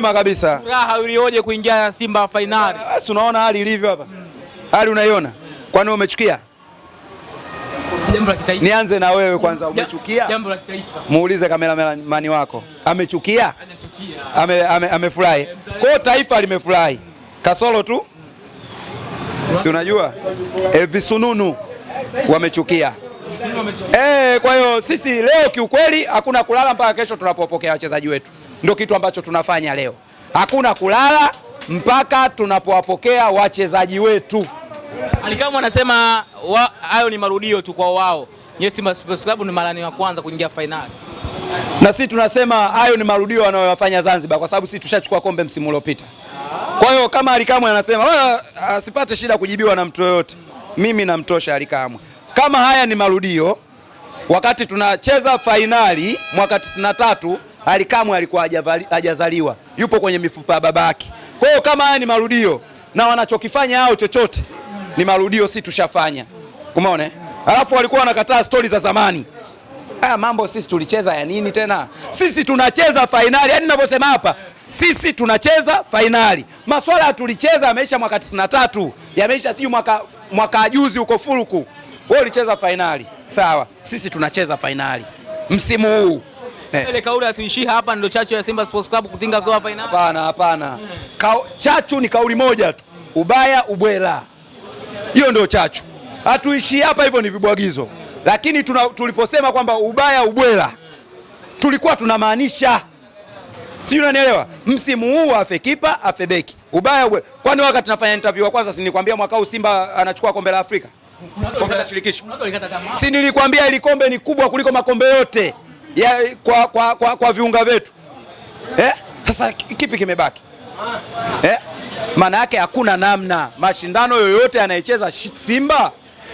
Mapema kabisa. Furaha ulioje kuingia Simba finali? Basi unaona hali ilivyo hapa. Hali unaiona? Kwani umechukia? Nianze na wewe kwanza, umechukia? Jambo la kitaifa. Muulize kameramani wako amechukia? Anachukia. Amefurahi ame, ame. Kwa hiyo taifa limefurahi kasoro tu si unajua e, visununu wamechukia e. Kwa hiyo sisi leo kiukweli hakuna kulala mpaka kesho tunapopokea wachezaji wetu. Ndio kitu ambacho tunafanya leo. Hakuna kulala mpaka tunapowapokea wachezaji wetu. Alikamwe anasema hayo ni marudio tu kwa wao. Yes, Simba Sports Club ni mara ya kwanza kuingia fainali na sisi tunasema hayo ni marudio wanayoyafanya Zanzibar, kwa sababu sisi tushachukua kombe msimu uliopita. Kwa hiyo kama Alikamwe anasema wala asipate ah, shida kujibiwa na mtu yoyote, mimi namtosha Alikamwe. Kama haya ni marudio, wakati tunacheza fainali mwaka 93 alikamwe alikuwa hajazaliwa, yupo kwenye mifupa ya babake. Kwa hiyo kama haya ni marudio na wanachokifanya hao chochote ni marudio, si tushafanya? Umeona, eh? alafu walikuwa wanakataa stori za zamani. Haya mambo sisi tulicheza ya nini tena? Sisi tunacheza fainali, yaani ninavyosema hapa, sisi tunacheza fainali. Maswala tulicheza yameisha mwaka 93, yameisha sijui mwaka mwaka juzi huko Furuku. Wewe ulicheza fainali, sawa? Sisi tunacheza fainali msimu huu. Eh. Ile kauli atuishi hapa ndio chachu ya Simba Sports Club kutinga kwa finali. Hapana, hapana. Chachu ni kauli moja tu. Ubaya ubwela. Hiyo ndio chachu. hatuishi hapa, hivyo ni vibwagizo. Lakini tuna, tuliposema kwamba ubaya ubwela tulikuwa tunamaanisha, si unanielewa, msimu huu afe kipa afe beki, ubaya ubwela. Kwani wakati nafanya interview wa kwanza, si nilikwambia mwaka huu Simba anachukua kombe la Afrika, kombe la shirikisho? Si nilikwambia ili kombe ni kubwa kuliko makombe yote ya, kwa, kwa, kwa, kwa viunga vyetu eh? Sasa kipi kimebaki eh? Maana yake hakuna namna. Mashindano yoyote anayecheza Simba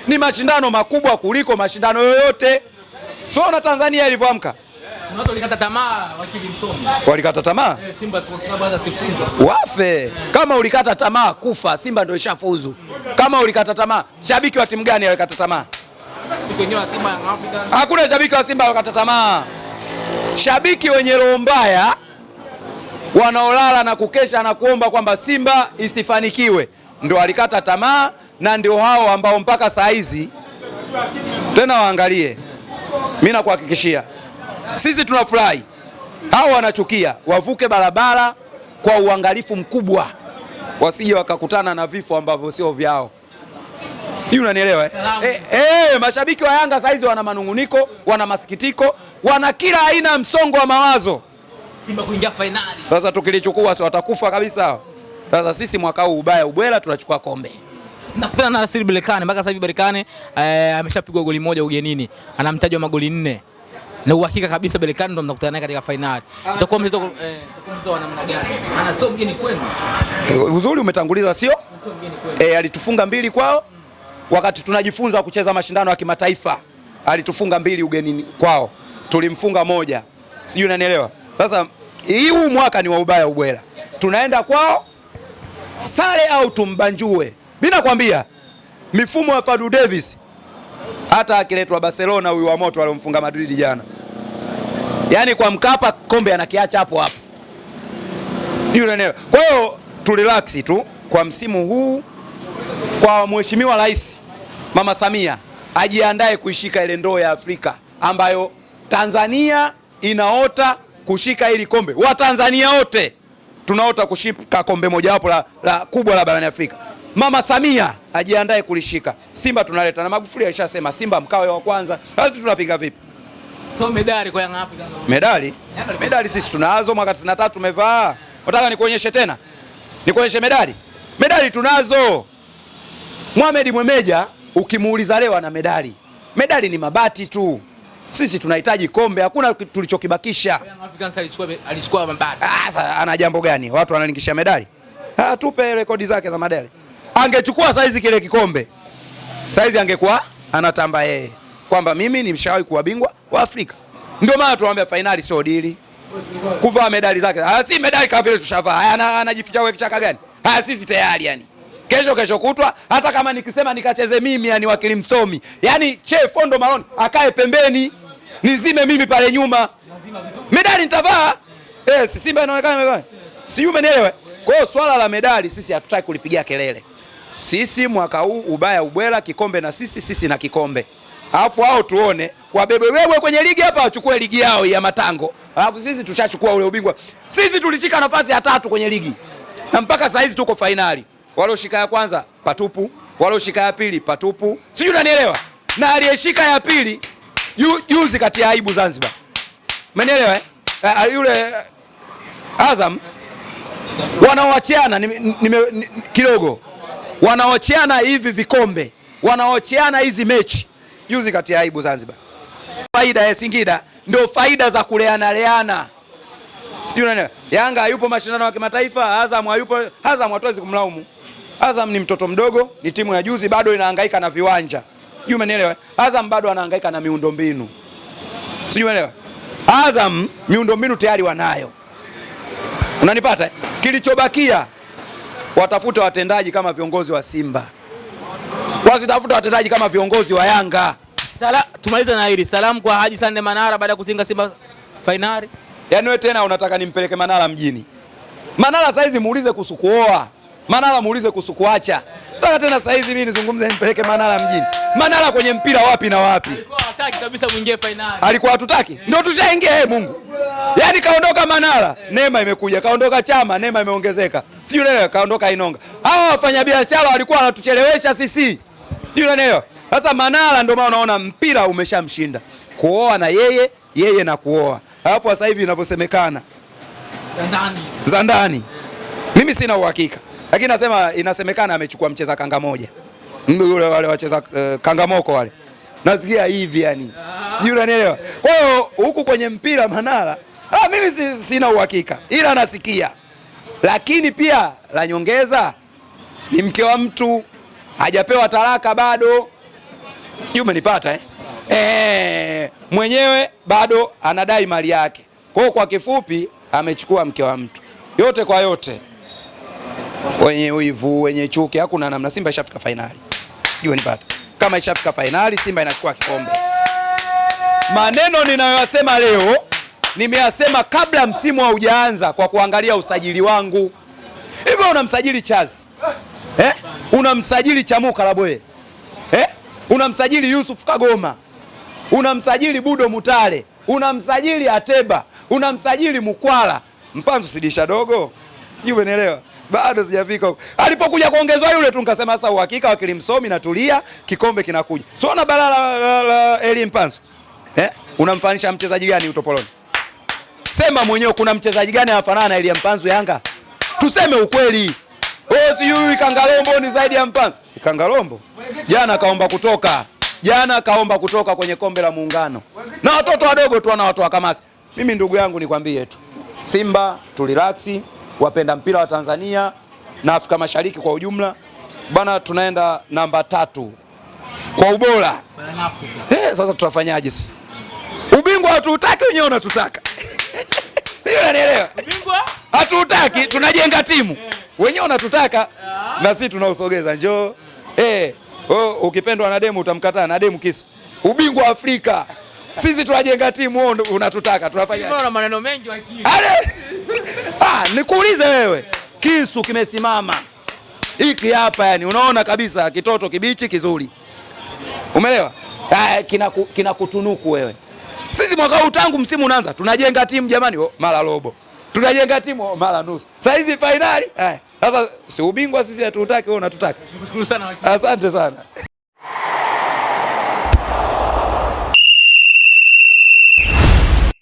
ni mashindano makubwa kuliko mashindano yoyote. na Tanzania ilivyoamka walikata tamaa, wakili eh, wafe. Kama ulikata tamaa kufa, Simba ndio ishafuzu. Kama ulikata tamaa, shabiki wa timu gani alikata tamaa? Hakuna shabiki wa Simba wakata tamaa. Shabiki wenye roho mbaya wanaolala na kukesha na kuomba kwamba Simba isifanikiwe ndio alikata tamaa, na ndio hao ambao mpaka saa hizi tena waangalie. Mimi nakuhakikishia, sisi tunafurahi, hao wanachukia. Wavuke barabara kwa uangalifu mkubwa, wasije wakakutana na vifo ambavyo sio vyao. Sijui unanielewa eh? Eh, eh, mashabiki wa Yanga hizi wana manunguniko, wana masikitiko, wana kila aina ya msongo wa mawazo. Simba kuingia fainali. Sasa tukilichukua si watakufa kabisa. Sasa sisi mwaka huu ubaya ubwela tunachukua kombe. Nakutana na Nasir Berkane mpaka sasa hivi Berkane eh, ameshapigwa goli moja ugenini. anamtajwa magoli nne. Na uhakika kabisa Berkane ndo mnakutana naye katika fainali. Ah, itakuwa mchezo eh, itakuwa mchezo wa namna gani? Ana sio mgeni kwenu. Eh, uzuri umetanguliza sio? Eh, alitufunga mbili kwao wakati tunajifunza kucheza mashindano ya kimataifa alitufunga mbili ugenini kwao, tulimfunga moja, sijui unanielewa. Sasa huu mwaka ni wa ubaya ubwela, tunaenda kwao sare au tumbanjue. Mimi nakwambia mifumo ya Fadu Davis, hata akiletwa Barcelona huyu wa moto aliomfunga Madrid jana, yaani kwa Mkapa kombe anakiacha hapo hapo, sijui unanielewa. Kwa hiyo tu kwa msimu huu kwa mheshimiwa rais Mama Samia ajiandae kuishika ile ndoo ya Afrika ambayo Tanzania inaota kushika ili kombe. Watanzania wote tunaota kushika kombe mojawapo la, la kubwa la barani Afrika. Mama Samia ajiandae kulishika. Simba tunaleta na Magufuli alishasema Simba mkawe wa kwanza. Sasa tunapiga vipi? So medali kwa Yanga wapi? Medali? Medali sisi tunazo mwaka 93 tumevaa. Nataka nikuonyeshe tena. Nikuonyeshe medali? Medali tunazo. Mohamed Mwemeja Ukimuuliza leo ana medali, medali ni mabati tu. Sisi tunahitaji kombe, hakuna tulichokibakisha. Ah, sasa ana jambo gani? Watu wanalingishia medali. Ah, tupe rekodi zake za medali. Angechukua saizi kile kikombe, saizi angekuwa anatamba yeye kwamba mimi ni mshawahi kuwa bingwa wa Afrika. Ndio maana tunawaambia fainali sio dili kuvaa medali zake, ah, si medali kama vile tushavaa. Anajificha wewe kichaka gani? Haya, ah, sisi tayari yani kesho kesho kutwa, hata kama nikisema nikacheze mimi, yani wakili msomi, yani Che Fondo Malone akae pembeni, nizime mimi pale nyuma, medali nitavaa. Eh, Simba inaonekana sijui, umenielewa? Kwa hiyo swala la medali sisi hatutaki kulipigia kelele. Sisi mwaka huu ubaya ubwela kikombe na sisi sisi na kikombe, alafu hao tuone wabebe wewe kwenye ligi hapa wachukue ligi yao ya matango, alafu sisi tushachukua ule ubingwa. Sisi tulishika nafasi ya tatu kwenye ligi na mpaka saa hizi tuko fainali walioshika ya kwanza patupu, walioshika ya pili patupu, sijui unanielewa, na aliyeshika ya pili juzi kati ya aibu Zanzibar, umenielewa eh? Uh, yule eh, Azam wanaoachiana kidogo, wanaoachiana hivi vikombe, wanaoachiana hizi mechi juzi kati ya aibu Zanzibar. Faida ya Singida ndio faida za kuleana leana sijui nani. Yanga hayupo mashindano ya kimataifa, Azam hayupo. Azam hatuwezi kumlaumu. Azam ni mtoto mdogo, ni timu ya juzi, bado inahangaika na viwanja, sijui umeelewa. Azam bado anahangaika na miundombinu, sijui umeelewa. Azam miundombinu tayari wanayo, unanipata. Eh? Kilichobakia watafuta watendaji kama viongozi wa Simba, Wazitafuta watendaji kama viongozi wa Yanga. Sala, tumaliza na hili salamu kwa Haji Sande Manara baada ya kutinga Simba fainali. Yaani wewe tena unataka nimpeleke Manara mjini? Manara saizi muulize kuhusu kuoa, Manara muulize kuhusu kuacha. Nataka tena saizi mimi nizungumze nimpeleke Manara mjini? Manara kwenye mpira wapi na wapi? Alikuwa hataki kabisa kuingia finali. Alikuwa hatutaki? Yeah. Ndio tushaingia yeye eh, Mungu. Yaani kaondoka Manara, neema imekuja. Kaondoka Chama, neema imeongezeka. Sijui leo kaondoka Inonga. Hao wafanyabiashara walikuwa wanatuchelewesha sisi. Sijui leo. Sasa Manara ndio maana unaona mpira umeshamshinda. Kuoa na yeye, yeye na kuoa alafu sasa hivi inavyosemekana za ndani, mimi sina uhakika, lakini nasema inasemekana amechukua mcheza kanga moja yule, wale wacheza uh, eh, kangamoko wale, nasikia hivi yani, sijui unanielewa. Kwa hiyo huku kwenye mpira Manara, ah, mimi si, sina uhakika ila nasikia, lakini pia la nyongeza ni mke wa mtu hajapewa talaka bado, umenipata eh? e, mwenyewe bado anadai mali yake. Kwa hiyo kwa kifupi, amechukua mke wa mtu. Yote kwa yote, wenye wivu, wenye chuki, hakuna namna. Simba ishafika fainali, jua nipata kama ishafika fainali, Simba inachukua kikombe. Maneno ninayoyasema leo nimeyasema kabla msimu haujaanza kwa kuangalia usajili wangu. Hivyo unamsajili Chazi eh? unamsajili Chamu Kalaboe eh? unamsajili Yusuf Kagoma unamsajili Budo Mutale, unamsajili Ateba, unamsajili Mukwala Mpanzu sidisha dogo, sijui umeelewa? Bado sijafika huko. Alipokuja kuongezwa yule tu nikasema sasa uhakika wakili msomi natulia, kikombe kinakuja. Sio na balaa la, la Eli Mpanzo. Eh? Unamfanisha mchezaji gani utopoloni? Sema mwenyewe kuna mchezaji gani anafanana na Eli Mpanzo Yanga? Tuseme ukweli. Wewe si yule Kangalombo ni zaidi ya Mpanzo. Kangalombo jana kaomba kutoka jana kaomba kutoka kwenye kombe la Muungano na watoto wadogo tu, wana watu wa kamasi. Mimi ndugu yangu nikwambie tu, Simba tuliraksi, wapenda mpira wa Tanzania na Afrika Mashariki kwa ujumla bana, tunaenda namba tatu kwa ubora eh. Sasa tutafanyaje sasa? Ubingwa hatuutaki, wenyewe unatutaka unanielewa? Ubingwa hatuutaki, tunajenga timu, eh. wenyewe unatutaka na sisi tunausogeza, njoo eh. Wewe oh, ukipendwa na demu utamkataa na demu kisu. Ubingwa Afrika. Sisi tunajenga timu, wewe unatutaka tunafanya. Unaona maneno mengi wakili. Ah, nikuulize wewe. Kisu kimesimama. Hiki hapa yani unaona kabisa kitoto kibichi kizuri. Umeelewa? Ah, kinakutunuku kina wewe. Sisi mwaka huu tangu msimu unaanza tunajenga timu jamani, oh, mara robo. Tunajenga timu oh, mara nusu. Sasa hizi finali. Eh. Sasa si ubingwa sisi hatutaki, wewe unatutaka. Asante sana.